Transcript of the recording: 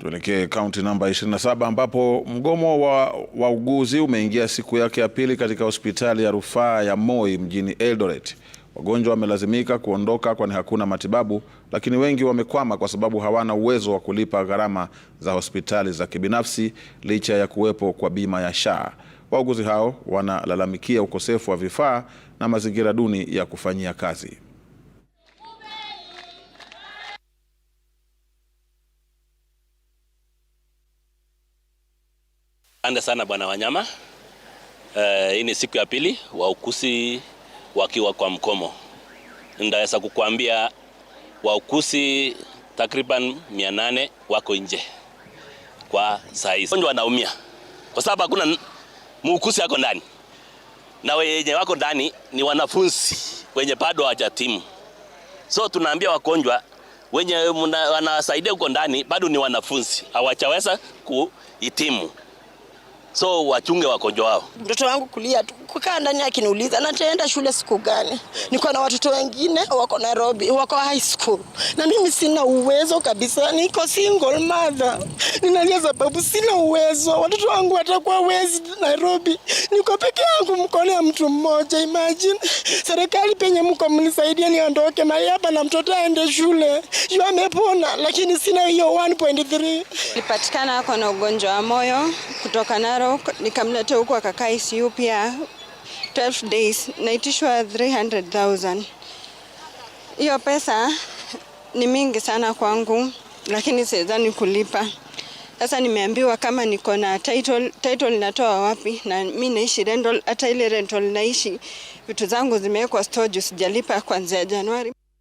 Tuelekee kaunti namba 27 ambapo mgomo wa wauguzi umeingia siku yake ya pili katika hospitali ya rufaa ya Moi mjini Eldoret. Wagonjwa wamelazimika kuondoka kwani hakuna matibabu, lakini wengi wamekwama kwa sababu hawana uwezo wa kulipa gharama za hospitali za kibinafsi licha ya kuwepo kwa bima ya SHA. Wauguzi hao wanalalamikia ukosefu wa vifaa na mazingira duni ya kufanyia kazi. Asante sana bwana Wanyama. Eh, hii ni siku ya pili waukusi wakiwa kwa mkomo. Ndaweza kukuambia waukusi takriban mia nane wako nje kwa saa hizi. Wagonjwa wanaumia kwa sababu hakuna muukusi ako ndani, na wenye wako ndani ni wanafunzi wenye bado hawajatimu. So tunaambia wagonjwa wenye wanawasaidia huko ndani bado ni wanafunzi, hawachaweza kuhitimu so wachunge wagonjwa wao. Mtoto wangu kulia tu kukaa ndani akiniuliza nataenda shule siku gani? Niko na watoto wengine wako Nairobi, wako high school, na mimi sina uwezo kabisa, niko single mother. Ninalia sababu sina uwezo, watoto wangu watakuwa wezi Nairobi, niko peke yangu mkono ya mtu mmoja. Imagine serikali penye mko mnisaidia niondoke mali hapa na mtoto aende shule, yu amepona, lakini sina hiyo 1.3. Nilipatikana ako na ugonjwa wa moyo kutoka Narok, nikamleta huku akakaa ICU pia 12 days, naitishwa 300,000. Hiyo pesa ni mingi sana kwangu, lakini siwezani kulipa. Sasa nimeambiwa kama niko na title, title inatoa wapi? Na mimi naishi rental, hata ile rental naishi vitu zangu zimewekwa storage, sijalipa kuanzia Januari.